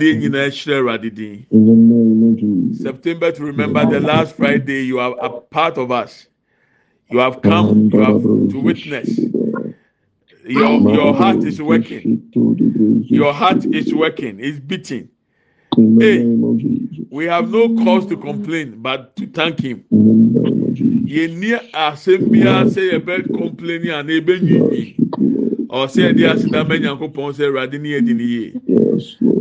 adeɛ nyinaa hyerɛ awurade din september to remember the last friday you are a part of us you have come you have to witness your your heart is working your heart is working it's beating hey we have no cause to complain but to thank him yẹn ní asẹ́mbíà sẹ́yẹ̀ bẹ́ẹ̀ complain yẹn àná ebe yìí ɔsɛ ɛdi aseda bɛ nyankopɔn sɛ ɛwurade ni ɛdi ni yie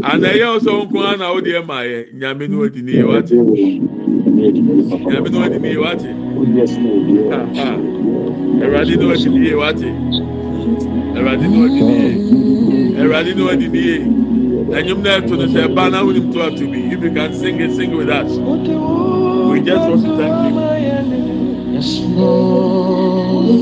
ana ɛyɛ ɔsɛ nko ana ɔdi ɛma yɛ nyame no ɛdi ni yie wate nyame no ɛdi ni yie wate ɛwurade no ɛdi ni yie wate ɛwurade no ɛdi ni yie ɛwurade no ɛdi ni yie ɛnyom na ɛto no sɛ ɛba na ahunim to ato bi if you can sing it sing with us we just want to thank you. Yes, Lord,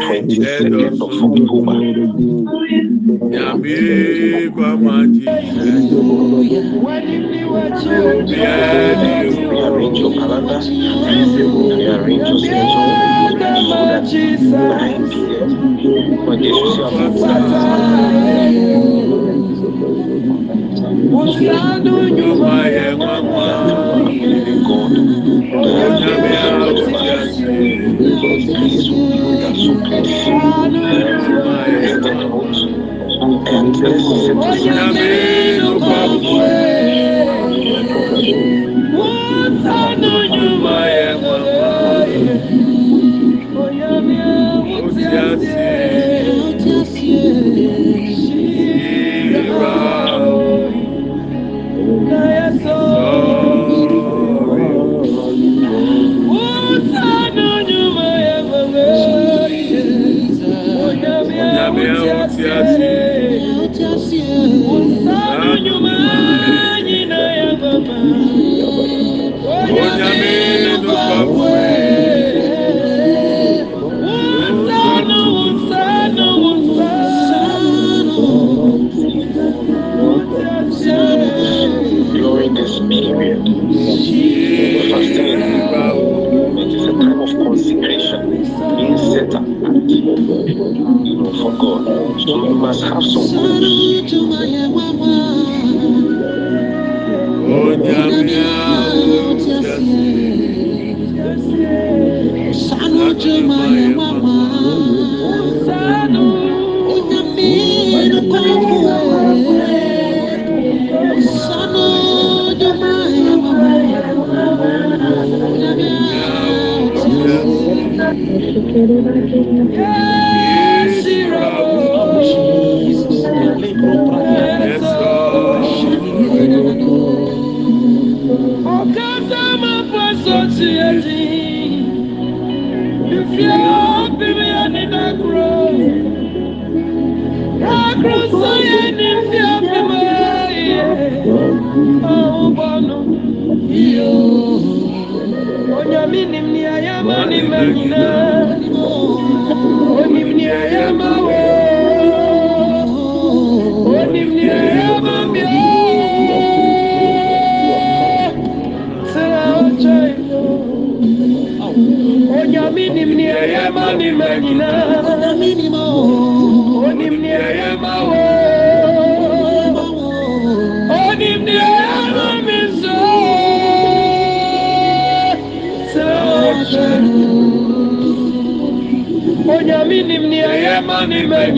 yamikwa matie nmyamaramesi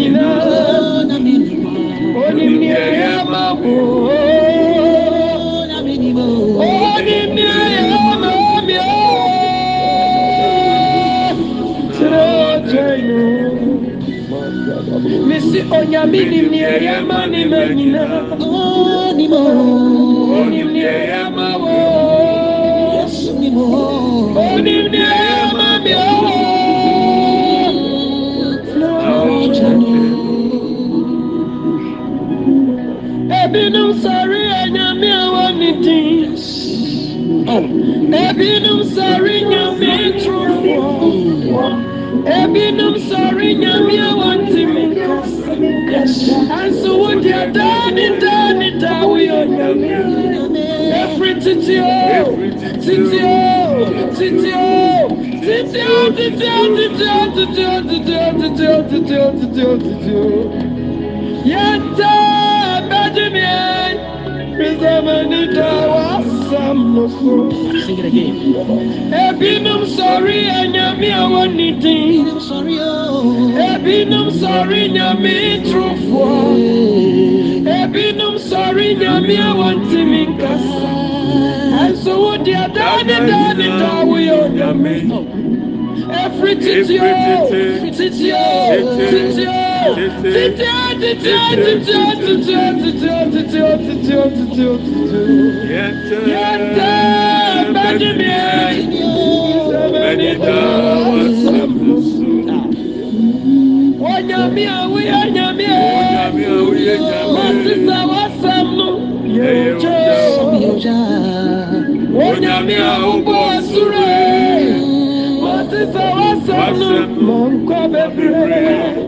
onyaminimniayamanimanyina ebinom sọrọ nyame trofo ebinom sọrọ nyame awọn tìmí kọsí ẹsùn wò di ẹdáni dáni dáwọ yọ every efiri titi o titi o titi o titi o titi o titi o titi o titi o titi o titi o titi o titi o yẹn tẹ ẹ bẹ jẹ mi ẹ mi sọ ma ni dáwọ. Sing it again. I'm sorry anyami awon nidin. Ebinum sorry nyami trufo. Ebinum sorry nyami awon timin kasa. Ẹsọ wo di adaani daani taawu yoo nyami. Every titi o, titi o, titi o. títí ó títí ó títí ó títí ó títí ó títí ó títí ó títí ó títí ó. Yẹtẹ bẹ́ẹ̀ni bẹ́ẹ̀ni dáwọ́ sẹ́mùsù. Onyami awuye onyami ee. Onyami awuye onyami ee. Wọ́n ti sẹ́ wọ́n sẹ́mu. Yẹ́yẹ́ wọ́n jẹ́ onyami awugbọ́ sùrẹ́. Wọ́n ti sẹ́ wọ́n sẹ́mu. Mọ̀ nkọ́ bẹ́ẹ̀ bẹ́ẹ̀.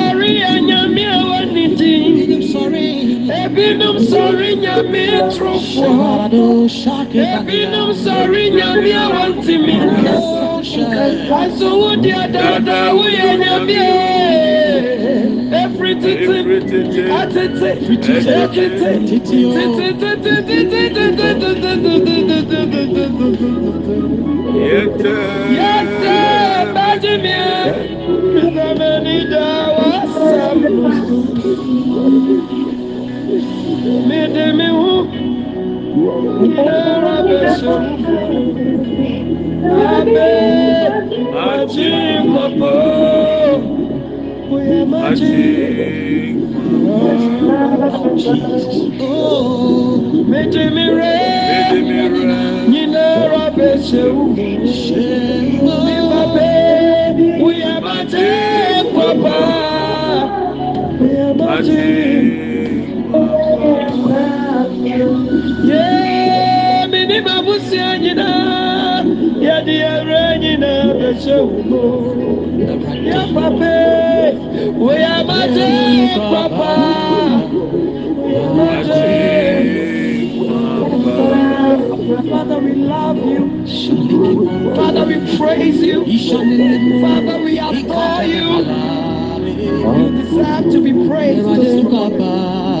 nyame trofo ebinom sɔre nyame a wɔnte me aso wode adaadaa woyɛ nyame ɛfiri tete atete tete tete yɛtɛ bagye meɛ medamani daa wasɛm medeme ho yɛra bɛso abe akyi nkɔpɔ oyɛmakyi oh, medeme rɛ nyinara bɛsɛ wo nipa bɛ oyɛmakyi nkɔpɔ oyɛmakyi. Yeah, me ni babusi anyina. Yeah, the aranyina beshe umo. Yeah, papa, we are magic, papa. Father, we love you. Father, we praise you. Father, we adore you. You deserve to be praised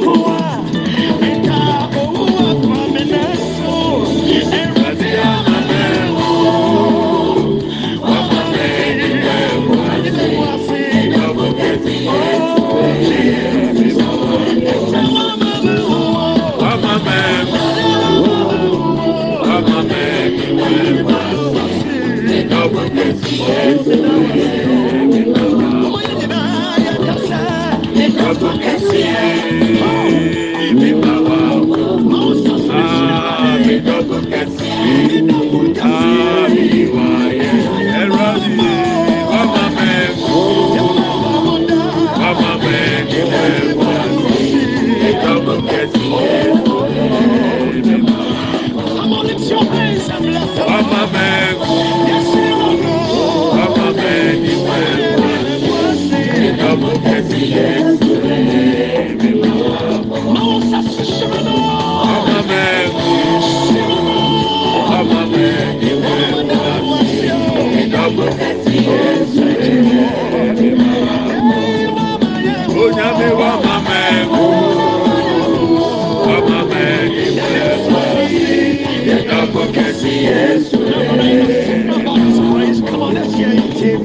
Amen.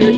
了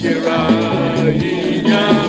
Shakira, yeah.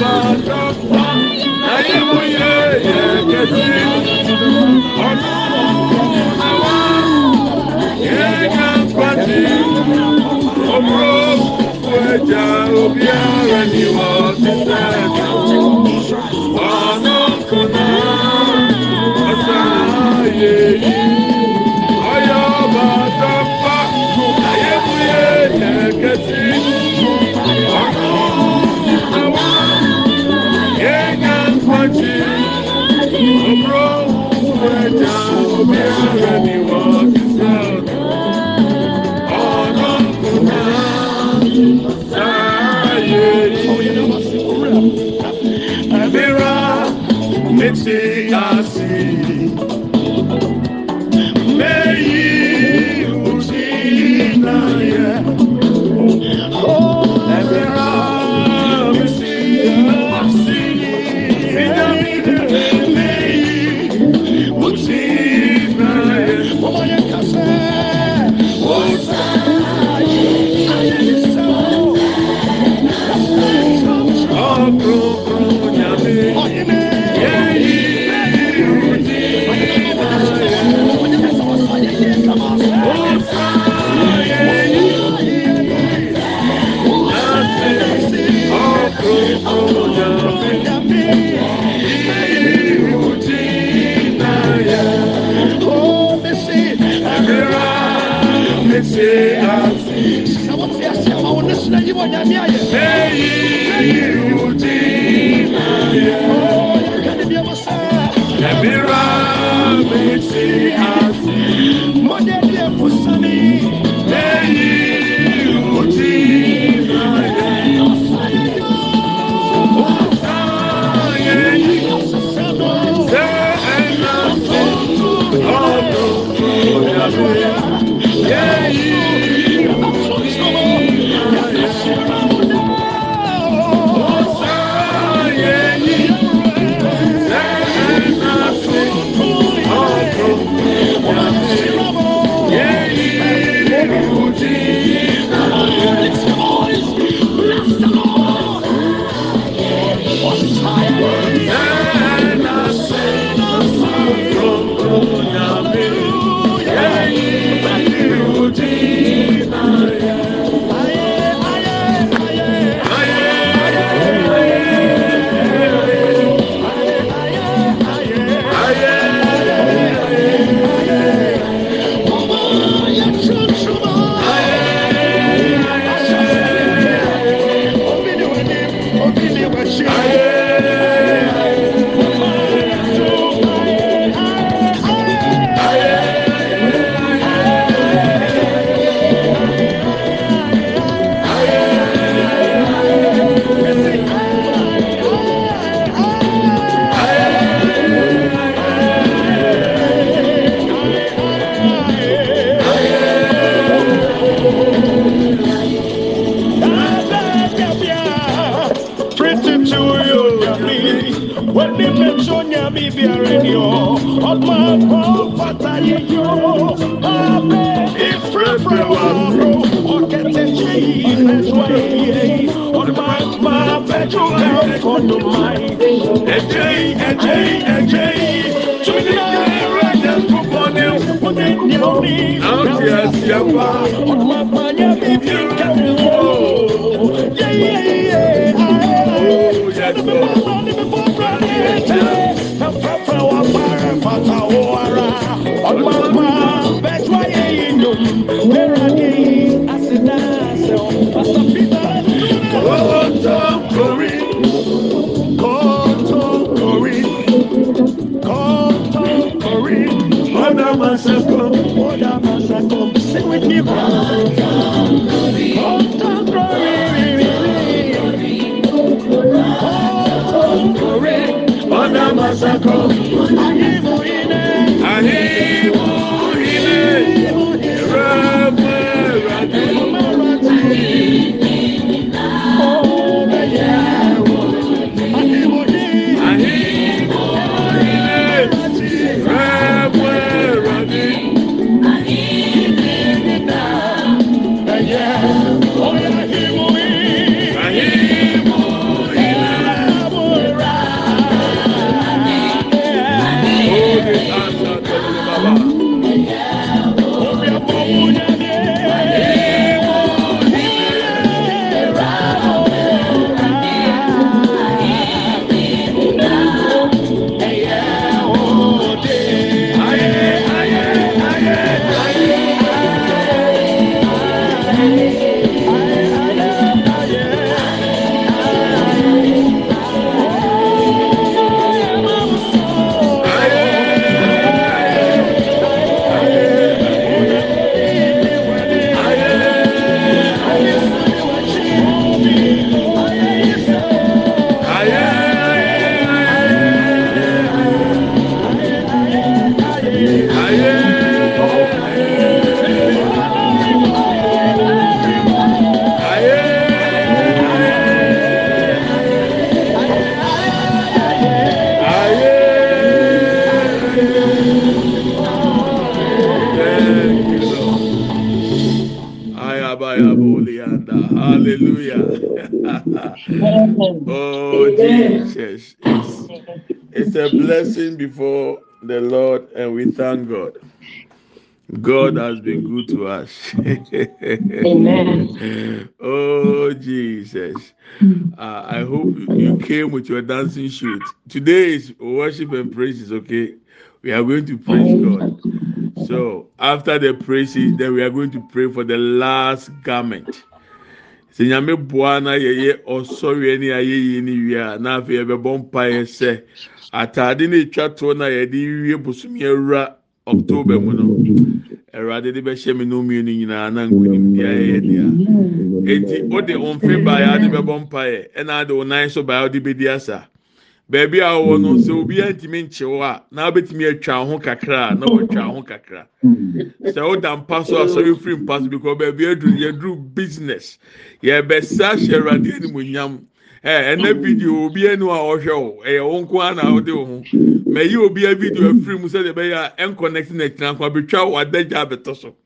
Katakwa, naye muye yekezi, ono awa yega pati, omro kweja obiara ni wasisa, wano kuna asaye onyame ayɛ ɛyi wo din ayɛ ɛbira mi ti ayɛ. Jesus. Amen. oh, Jesus. Uh, I hope you came with your dancing shoes. Today is worship and praises, okay? We are going to praise God. So, after the praises, then we are going to pray for the last garment. Sinyame buana yeye na yɛyɛ ɔsɔre ne ayɛyie ne wie a na afei yɛbɛbɔ mpaeɛ sɛ ataade no etwa toɔ na yɛde wie bosomi awura october mu no awurade de bɛhyɛ me no mmienu nyinaa na nkonim bia yɛ dea eti wode wo mfe baeɛ ade bɛbɔ mpaeɛ ɛna ade wo nan so baeɛ di bɛdi asa baabi a wɔwɔ no sɛ obiara ntumi nkye wo a na wobɛtumi atwa wo ho kakra a na wɔatwa wo ho kakra sɛ woda mpa so asɔre firi mpa so because baabi aduru yɛduru business yɛbɛsa hyɛ awurade animonyam ɛnna video obi anu a ɔhwɛ o ɛyɛ wɔn nko ara na ɔde wɔn mɛ yi obi a video afiri mu sɛdeɛ ɛbɛyɛ a ɛnkɔnɛkti na ɛkyina nko abɛtwa wadagya abɛtɔ so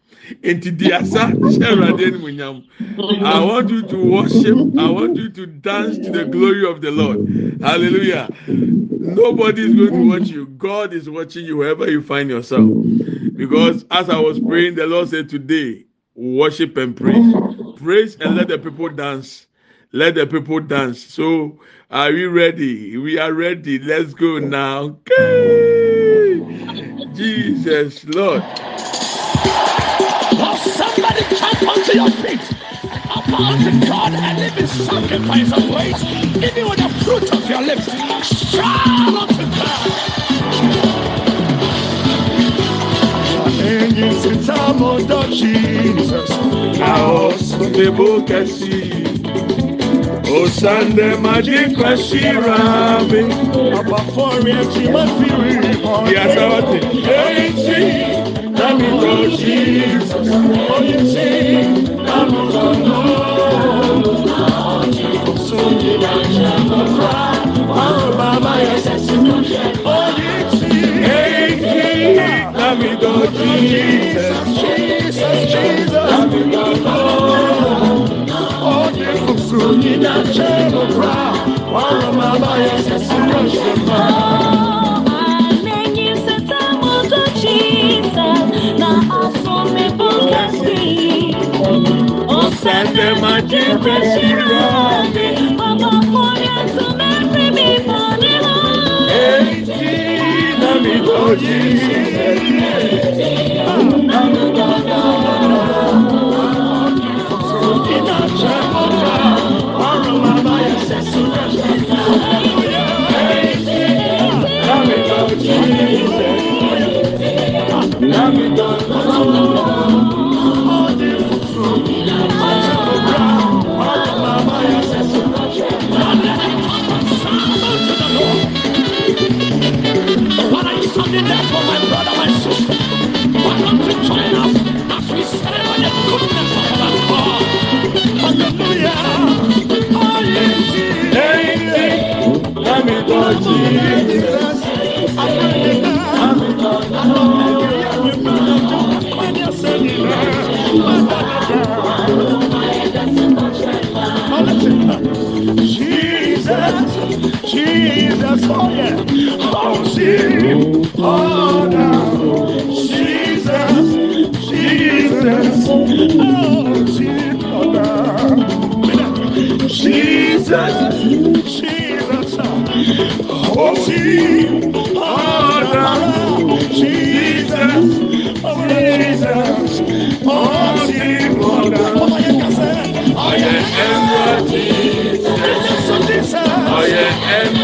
nti di asa hyɛ awurade anim nyam i want you to worship i want you to dance to the glory of the lord hallelujah nobody is going to watch you god is watching you wherever you find yourself because as i was praying the lord said today worship and praise praise and let the people dance. Let the people dance. So, are we ready? We are ready. Let's go now. Okay. Jesus, Lord. Now, somebody jump onto your feet. About to God and live in sacrifice of praise. Give me with the fruit of your lips. Shout to God. And it's the time of Jesus. Now, so the book I see. Osande majikwa shirabi Abafori echimasiri Yasawati Eichi Namito Jesus Eichi Namito no Sungi na shamofa Maro oh, baba yese sinuye Eichi Eichi Jesus, Jesus Jesus Jesus Jesus, no onye na-achọ ego bra ọrụ m amaghị esesi n'oche mma Sende ma ti pesi rode, mama moya tu me pre mi mone mo. Eti na mi boji, eti na mi boji. you don't. Oh, Jesus. Oh, Jesus. Jesus. Oh, Jesus. Oh, Jesus. Jesus. Oh, Jesus. Oh, Jesus. Oh, Jesus. Oh, Jesus. Oh, Jesus. Oh, Jesus.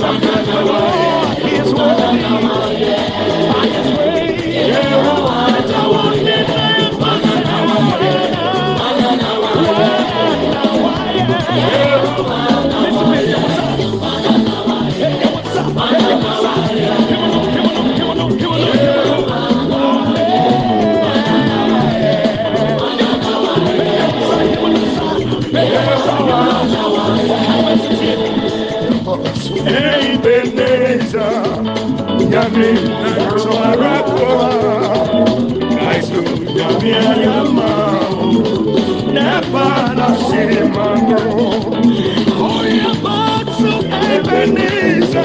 Santa. Ei, beleza, minha vida chora cola, mas nunca me amou, ne para ser mano. Oi, abaixo, ei, beleza,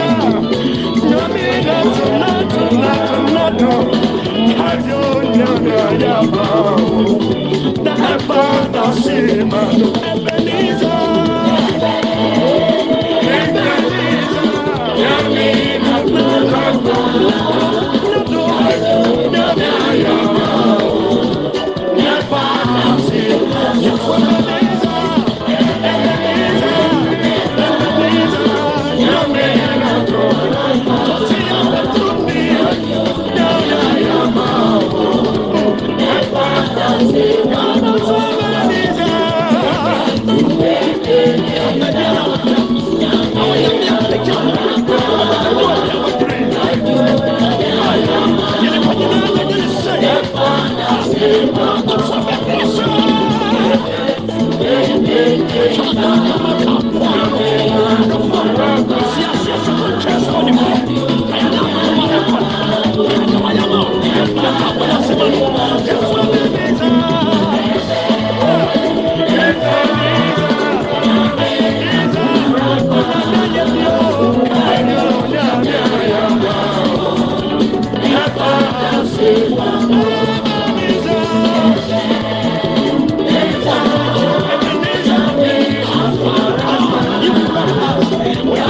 minha vida chora, chora, chora, Adonai Yabao, ne para ser mano.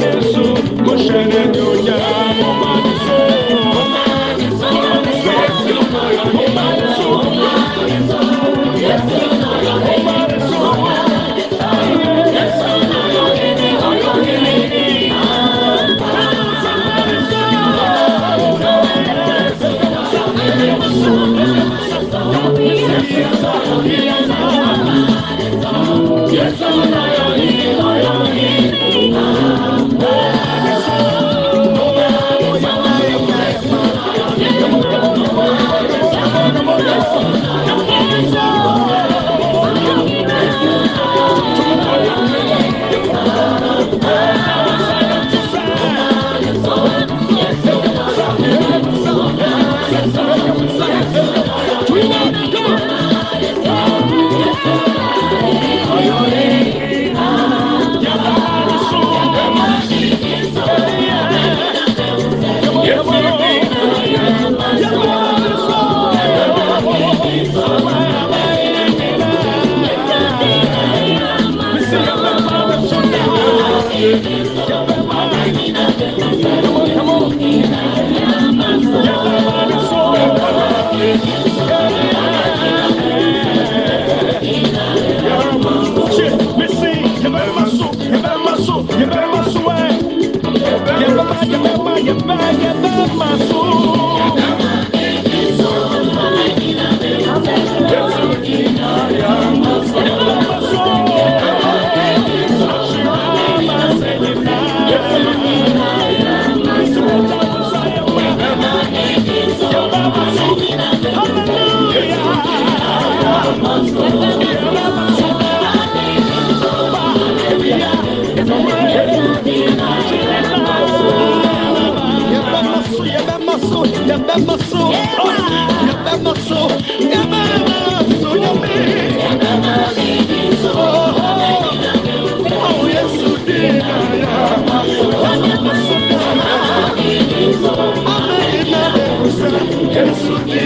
na-eso oche na Jesus.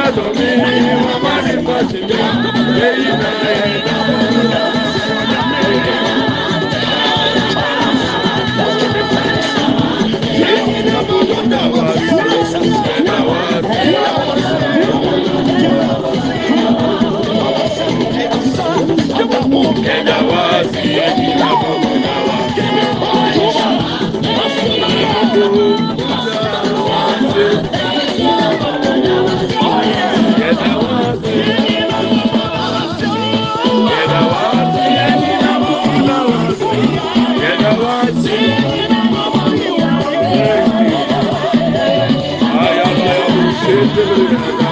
ọ̀dọ̀ mi ni wọ́n bá ní kọ́sì mi. Èyí náà Thank you.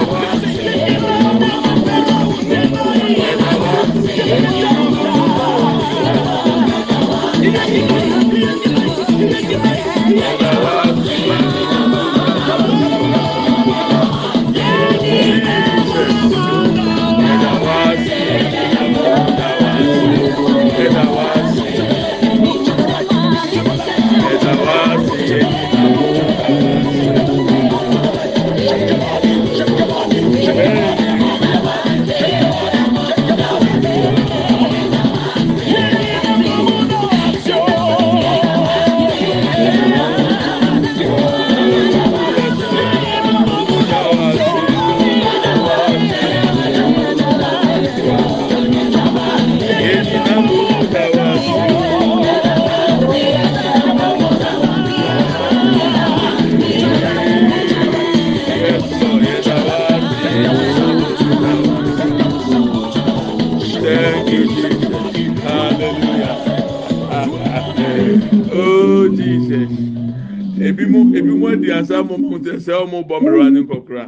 hallelujah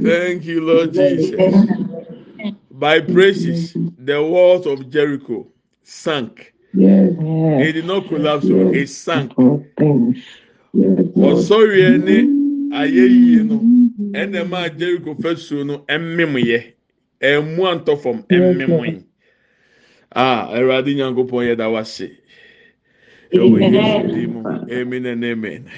thank you lord jesus by praises the walls of jericho sank It did not collapse o it sank ɔsɔreɛ ne ayɛyie no ɛna ɛmaa jericho fasuo no ɛmmemuiɛ ɛmu antɔ fam ɛmmemuiɛ a ɛwɛ adi da wa jobuimo emina nemina